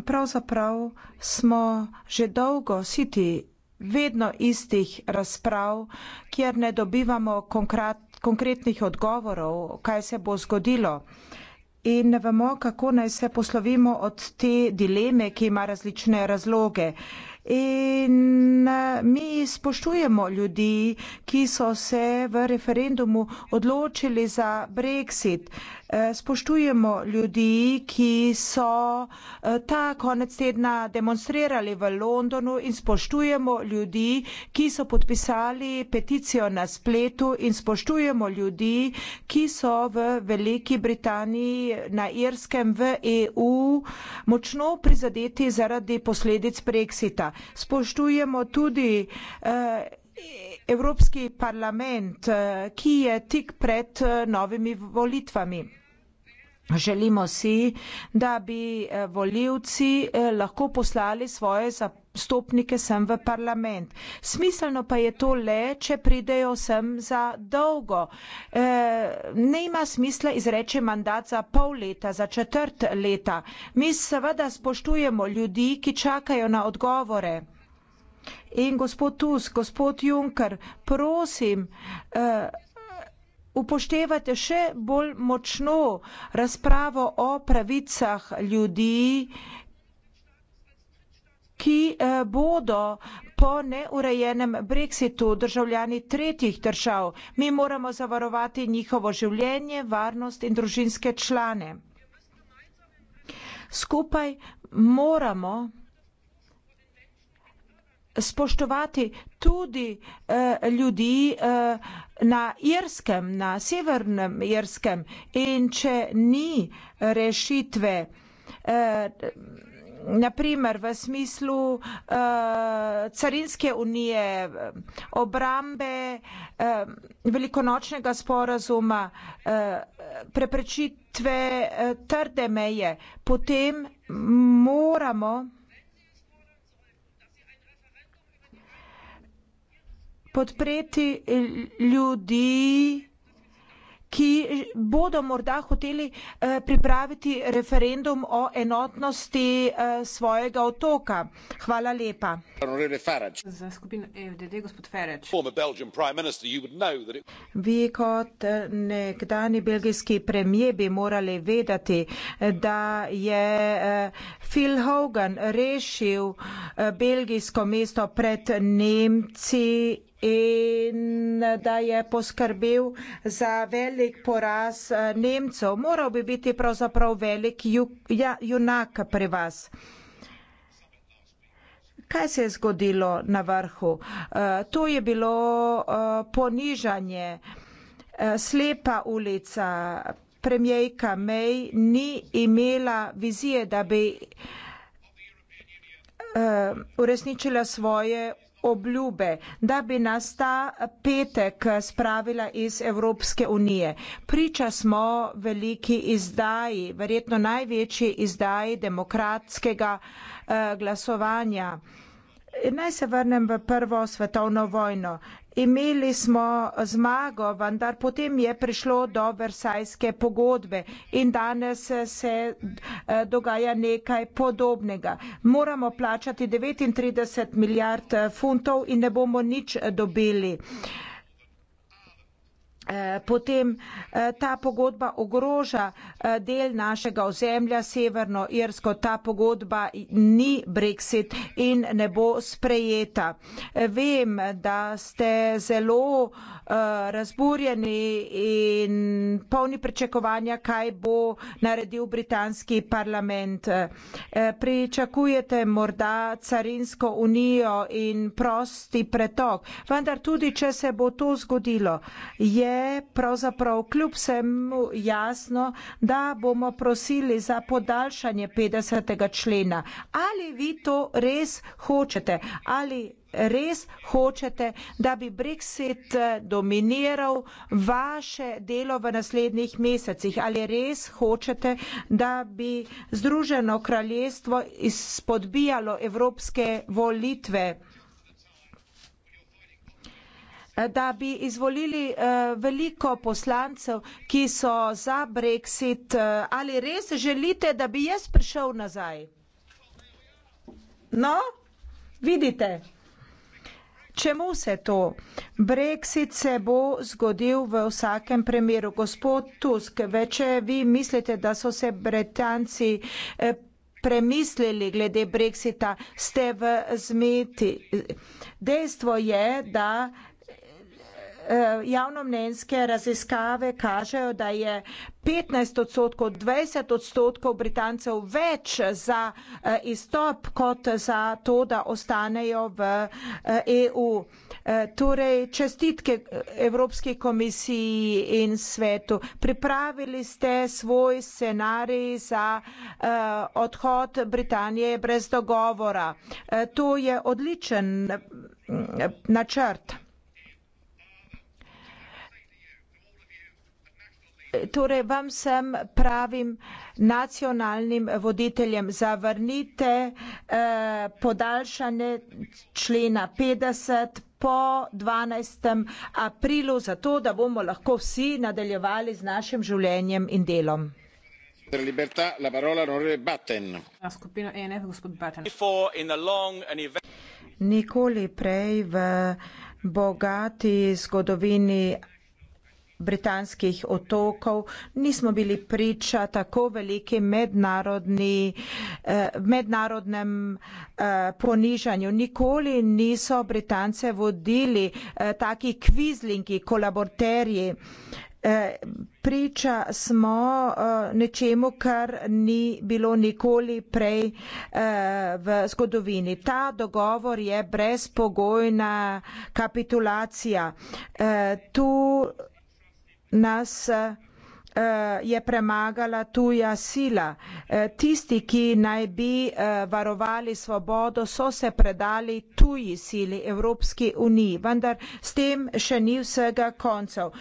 pravzaprav smo že dolgo siti vedno istih razprav, kjer ne dobivamo konkrat, konkretnih odgovorov, kaj se bo zgodilo. In ne vemo, kako naj se poslovimo od te dileme, ki ima različne razloge. In eh, mi spoštujemo ljudi, ki so se v referendumu odločili za brexit. Eh, spoštujemo ljudi, ki so eh, ta konec tedna demonstrirali v Londonu in spoštujemo ljudi, ki so podpisali peticijo na spletu in spoštujemo ljudi, ki so v Veliki Britaniji, na Irskem, v EU močno prizadeti zaradi posledic Brexita. Spoštujemo tudi eh, Evropski parlament, eh, ki je tik pred eh, novimi volitvami. Želimo si, da bi eh, voljivci lahko poslali svoje zastopnike sem v parlament. Smiselno pa je to le, če pridejo sem za dolgo. E, ne ima smisla izreči mandat za pol leta, za četrt leta. Mi seveda spoštujemo ljudi, ki čakajo na odgovore. In gospod Tusk, gospod Juncker, prosim, eh, upoštevate še bolj močno razpravo o pravicah ljudi, ki eh, bodo po neurejenem brexitu državljani tretjih držav. Mi moramo zavarovati njihovo življenje, varnost in družinske člane. Skupaj moramo spoštovati tudi eh, ljudi eh, na Irskem, na severnem Irskem. In če ni rešitve, eh, naprimer v smislu eh, carinske unije, obrambe, eh, velikonočnega sporazuma, eh, preprečitve eh, trde meje, potem moramo podpreti eh, ljudi, ki bodo morda hoteli eh, pripraviti referendum o enotnosti eh, svojega otoka. Hvala lepa. Za skupino EFDD, gospod Ferreč. Minister, it... Vi kot nekdani belgijski premije bi morali vedeti, da je Phil Hogan rešil belgijsko mesto pred Nemci in da je poskrbel za velik poraz eh, Nemcev. Moral bi biti pravzaprav velik ju, ja, junak pri vas. Kaj se je zgodilo na vrhu? Eh, to je bilo eh, ponižanje, slepa ulica. Premijejka May ni imela vizije, da bi uresničila svoje obljube, da bi nas ta petek spravila iz Evropske unije. Priča smo veliki izdaji, verjetno največji izdaji demokratskega eh, glasovanja. In naj se vrnem v prvo svetovno vojno. Imeli smo zmago, vendar potem je prišlo do Versajske pogodbe in danes se eh, dogaja nekaj podobnega. Moramo plačati 39 milijard eh, funtov in ne bomo nič dobili. Uh, Eh, potem eh, ta pogodba ogroža eh, del našega ozemlja, severno Irsko. Ta pogodba ni Brexit in ne bo sprejeta. Vem, da ste zelo razburjeni in polni pričakovanja, kaj bo naredil britanski parlament. Pričakujete morda carinsko unijo in prosti pretok. Vendar tudi, če se bo to zgodilo, je pravzaprav kljub vsemu jasno, da bomo prosili za podaljšanje 50. člena. Ali vi to res hočete? Ali res hočete, da bi Brexit eh, dominiral vaše delo v naslednjih mesecih? Ali res hočete, da bi Združeno kraljestvo izpodbijalo evropske volitve? da bi izvolili eh, veliko poslancev, ki so za brexit. Eh, ali res želite, da bi jaz prišel nazaj? No, vidite. Čemu se to? Brexit se bo zgodil v vsakem primeru. Gospod Tusk, veče eh, vi mislite, da so se Britanci premislili glede Brexita, ste v zmeti. Dejstvo je, da Eh, javnomnenjske raziskave kažejo, da je 15 odstotkov, 20 odstotkov Britancev več za eh, izstop, kot za to, da ostanejo v EU. Eh, e torej, čestitke Evropski komisiji in svetu. Pripravili ste svoj scenarij za odhod Britanije brez dogovora. To je odličen mm, načrt. torej vam sem pravim nacionalnim voditeljem zavrnite eh, podaljšanje člena 50 po 12. aprilu, zato da bomo lahko vsi nadaljevali z našim življenjem in delom. Per libertà, la parola onorevole Batten. La scopina ENF, gospod Batten. Nikoli prej v bogati zgodovini britanskih otokov nismo bili priča tako veliki mednarodni, eh, mednarodnem eh, ponižanju. Nikoli niso Britance vodili eh, taki kvizlingi, kolaborterji. Eh, priča smo eh, nečemu, kar ni bilo nikoli prej eh, v zgodovini. Ta dogovor je brezpogojna kapitulacija. Eh, tu nas eh, Eh, je premagala tuja sila. Eh, tisti, ki naj bi eh, varovali svobodo, so se predali tuji sili Evropski uniji. Vendar s tem še ni vsega koncev.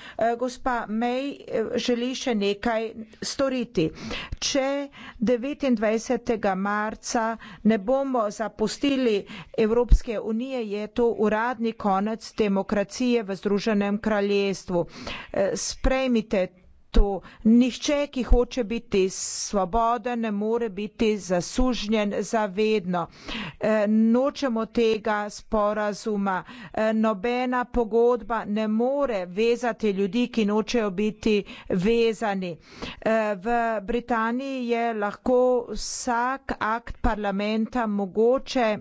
Gospa May želi še nekaj storiti. Če 29. marca ne bomo zapustili Evropske unije, je to uradni konec demokracije v Združenem kraljestvu. Sprejmite to nihče, ki hoče biti svoboden, ne more biti zasužnjen za vedno. E, nočemo tega sporazuma. E, nobena pogodba ne more vezati ljudi, ki nočejo biti vezani. E, v Britaniji je lahko vsak akt parlamenta mogoče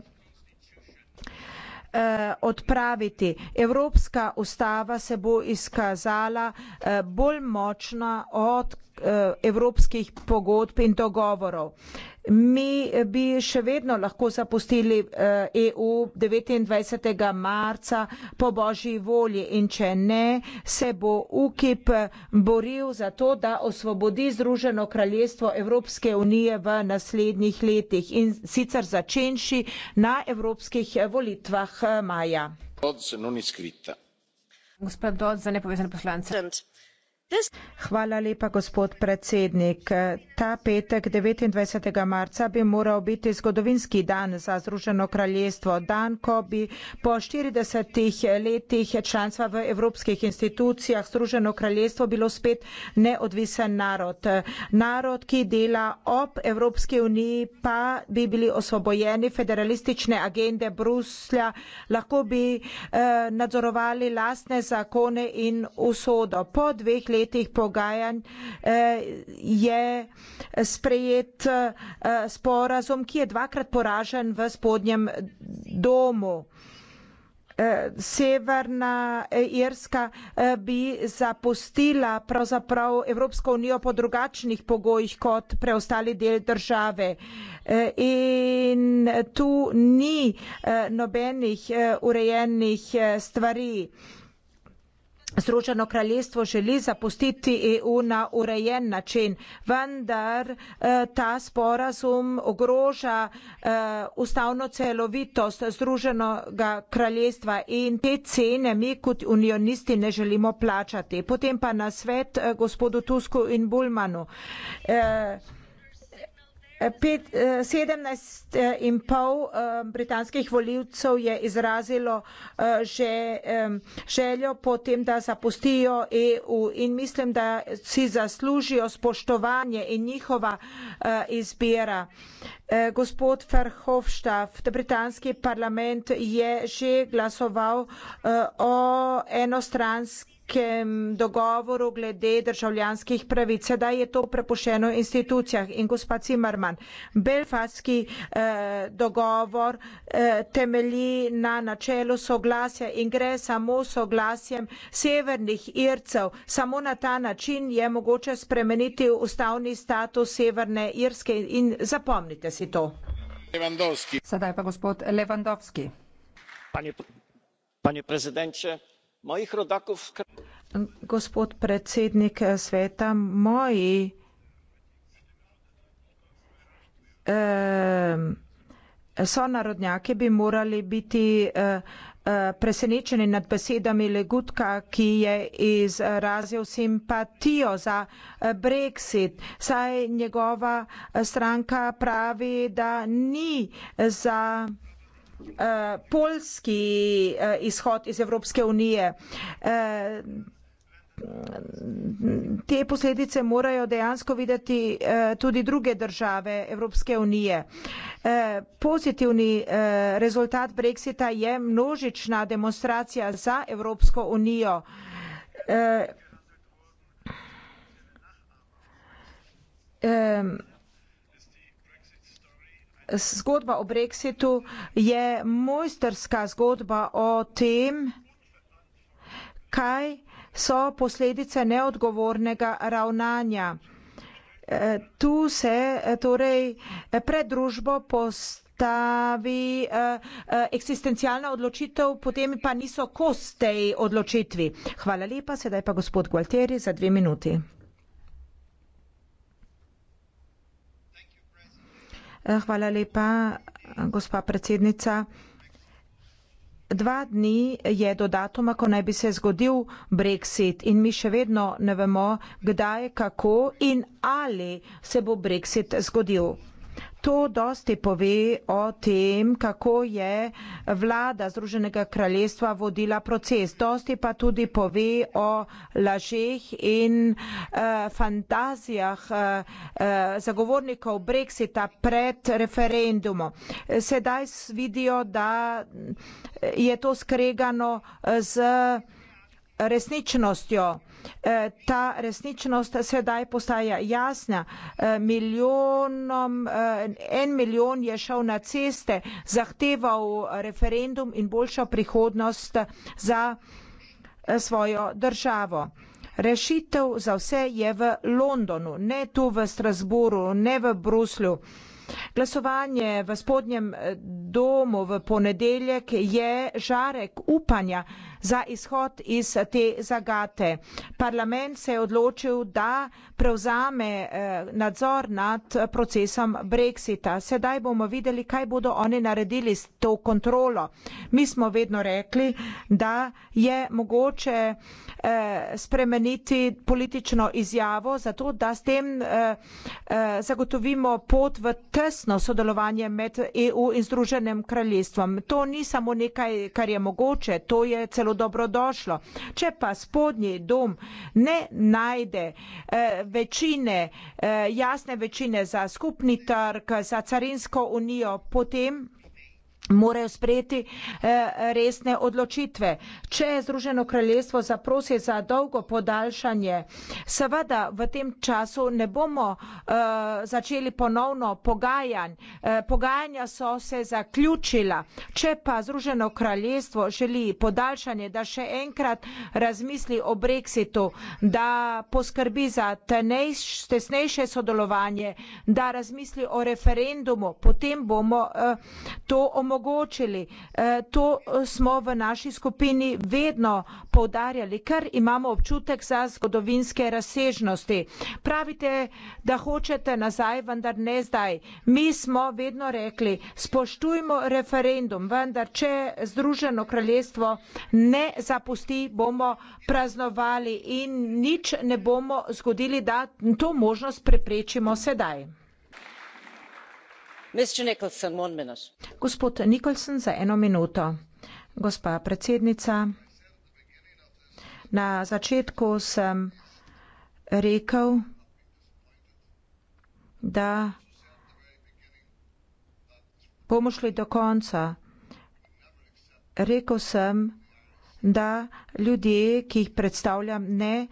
Eh, odpraviti. Evropska ustava se bo izkazala eh, bolj močna od eh, evropskih pogodb in dogovorov. Mi bi še vedno lahko zapustili EU eh, e 29. marca po božji volji in če ne, se bo UKIP boril za to, da osvobodi Združeno kraljestvo Evropske unije v naslednjih letih in sicer začenši na evropskih eh, volitvah eh, maja. Gospod Dodd za nepovezane poslance. Hvala lepa, gospod predsednik. Ta petek 29. marca bi moral biti zgodovinski dan za Združeno kraljestvo. Dan, ko bi po 40 letih članstva v evropskih institucijah Združeno kraljestvo bilo spet neodvisen narod. Narod, ki dela ob Evropski uniji, pa bi bili osvobojeni federalistične agende Bruslja, lahko bi eh, nadzorovali lastne zakone in usodo. Po dveh letih pogajanj eh, je sprejet eh, sporazum, ki je dvakrat poražen v spodnjem domu. Eh, Severna Irska bi zapustila pravzaprav Evropsko unijo po drugačnih pogojih kot preostali del države. In tu ni nobenih urejenih stvari. Združeno kraljestvo želi zapustiti EU na urejen način, vendar eh, ta sporazum ogroža eh, ustavno celovitost Združenega kraljestva in te cene mi kot unionisti ne želimo plačati. Potem pa na svet eh, gospodu Tusku in Bulmanu. Eh, pet, eh, sedemnajst eh, in pol britanskih voljivcev je izrazilo že željo po tem, da zapustijo EU in mislim, da si zaslužijo spoštovanje in njihova izbira. Gospod Verhofstadt, britanski parlament je že glasoval o enostranski nekem dogovoru glede državljanskih pravic. Sedaj je to prepušeno institucijah in gospod Cimerman, belfaski eh, dogovor eh, temelji na načelu soglasja in gre samo soglasjem severnih Ircev. Samo na ta način je mogoče spremeniti ustavni status Severne Irske in zapomnite si to. Sedaj pa gospod Levandovski. Panie, panie prezydencie mojih rodakov. Gospod predsednik eh, sveta, moji eh, sonarodnjaki bi morali biti eh, eh, presenečeni nad besedami Legutka, ki je izrazil simpatijo za eh, Brexit. Saj njegova stranka pravi, da ni za. Eh, polski eh, izhod iz Evropske unije. Eh, te posledice morajo dejansko videti tudi druge države Evropske unije. Pozitivni rezultat Brexita je množična demonstracija za Evropsko unijo. Um, Zgodba o brexitu je mojsterska zgodba o tem, kaj so posledice neodgovornega ravnanja. E, tu se e, torej pred družbo postavi e, eksistencialna odločitev, potem pa niso kos tej odločitvi. Hvala lepa, sedaj pa gospod Gualteri za dve minuti. Eh, hvala lepa, gospa predsednica. Dva dni je do datuma, ko naj bi se zgodil brexit in mi še vedno ne vemo, kdaj, kako in ali se bo brexit zgodil. To dosti pove o tem, kako je vlada Združenega kraljestva vodila proces. Dosti pa tudi pove o lažeh in uh, fantazijah uh, uh, zagovornikov Brexita pred referendumom. Sedaj vidijo, da je to skregano z resničnostjo. Eh, ta resničnost sedaj postaja jasna. Eh, Milionom, eh, en milijon je šel na ceste, zahteval referendum in boljšo prihodnost za svojo državo. Rešitev za vse je v Londonu, ne tu v Strasburu, ne v Bruslju. Glasovanje v spodnjem domu v ponedeljek je žarek upanja za izhod iz te zagate. Parlament se je odločil, da prevzame eh, nadzor nad procesom Brexita. Sedaj bomo videli, kaj bodo oni naredili s to kontrolo. Mi smo vedno rekli, da je mogoče eh, spremeniti politično izjavo, zato da s tem eh, zagotovimo pot v tesno sodelovanje med EU in Združenem kraljestvom. To ni samo nekaj, kar je mogoče, to je celo dobrodošlo. Če pa spodnji dom ne najde eh, večine, eh, jasne večine za skupni trg, za carinsko unijo, potem morajo sprejeti eh, resne odločitve. Če je Združeno kraljestvo zaprosi za dolgo podaljšanje, seveda v tem času ne bomo eh, začeli ponovno pogajanj. Eh, pogajanja so se zaključila. Če pa Združeno kraljestvo želi podaljšanje, da še enkrat razmisli o brexitu, da poskrbi za tesnejše sodelovanje, da razmisli o referendumu, potem bomo to omogočili omogočili. Eh, to eh, smo v naši skupini vedno povdarjali, ker imamo občutek za zgodovinske razsežnosti. Pravite, da hočete nazaj, vendar ne zdaj. Mi smo vedno rekli, spoštujmo referendum, vendar če Združeno kraljestvo ne zapusti, bomo praznovali in nič ne bomo zgodili, da to možnost preprečimo sedaj gospod nicholson za eno minuto gospa predsednica na začetku sem rekel da bomo šli do konca rekel sem da ljudje ki jih predstavljam ne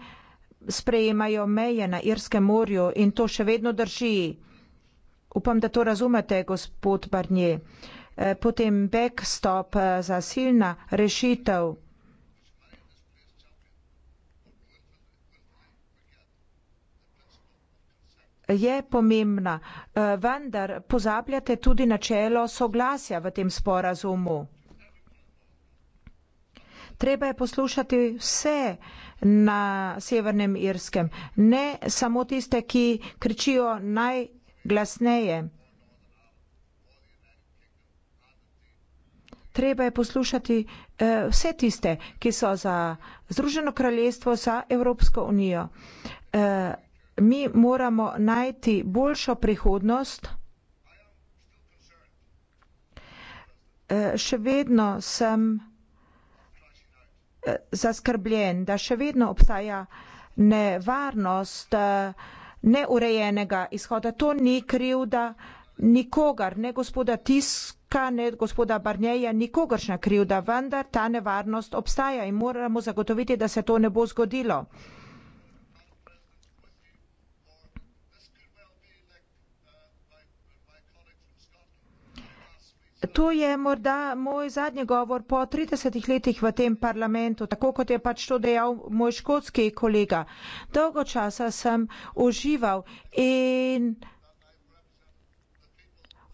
sprejemajo meje na irskem morju in to še vedno drži Upam, da to razumete, gospod Barnier. Eh, potem backstop eh, za silna rešitev. je pomembna, eh, vendar pozabljate tudi načelo soglasja v tem sporazumu. Treba je poslušati vse na Severnem Irskem, ne samo tiste, ki kričijo naj glasneje. Treba je poslušati uh, vse tiste, ki so za Združeno kraljestvo, za Evropsko unijo. Uh, mi moramo najti boljšo prihodnost. Uh, še vedno sem uh, zaskrbljen, da še vedno obstaja nevarnost. Uh, neurejenega izhoda. To ni krivda nikogar, ne gospoda Tiska, ne gospoda Barnjeja, nikogaršna krivda, vendar ta nevarnost obstaja in moramo zagotoviti, da se to ne bo zgodilo. To je morda moj zadnji govor po 30 letih v tem parlamentu, tako kot je pač to dejal moj škotski kolega. Dolgo časa sem užival in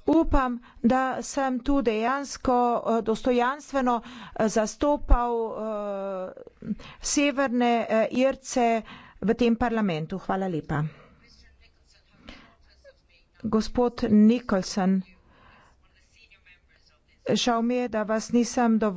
upam, da sem tu dejansko eh, dostojanstveno eh, zastopal uh, severne Irce v tem parlamentu. Hvala lepa. Gospod Nikolson žal mi je da vas nisem dovolj